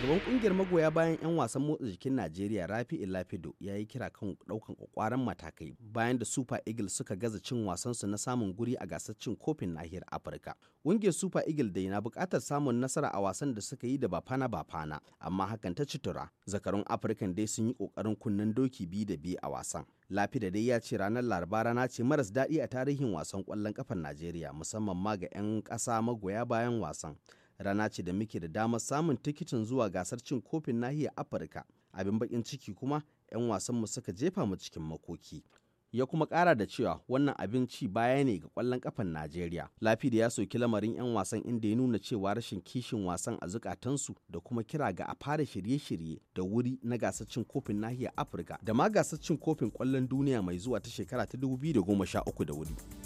shugaban kungiyar magoya bayan 'yan wasan motsa jikin najeriya rafi lafido ya yi kira kan daukan kwakwaran matakai bayan da super eagles suka gaza cin wasansu na samun guri a gasar cin kofin nahiyar afirka kungiyar super eagles dai na bukatar samun nasara a wasan da suka yi da bafana bafana amma hakan ta citura zakarun african dai sun yi kokarin kunnen doki biyu da biyu a wasan Lafida dai ya ce ranar Laraba rana ce maras daɗi a tarihin wasan kwallon ƙafar Najeriya musamman ma ga 'yan ƙasa magoya bayan wasan. rana ce da muke da damar samun tikitin zuwa gasar cin kofin nahiyar afirka abin bakin ciki kuma 'yan wasanmu suka jefa mu cikin makoki ya kuma kara da cewa wannan abinci baya ne ga kwallon kafan Najeriya. lafida ya soki lamarin 'yan wasan inda ya nuna cewa rashin kishin wasan a zukatansu da kuma kira ga a fara shirye-shirye da wuri na gasar cin kofin nahiyar Afirka da ma gasar cin kofin kwallon duniya mai zuwa ta shekara ta 2013 da wuri.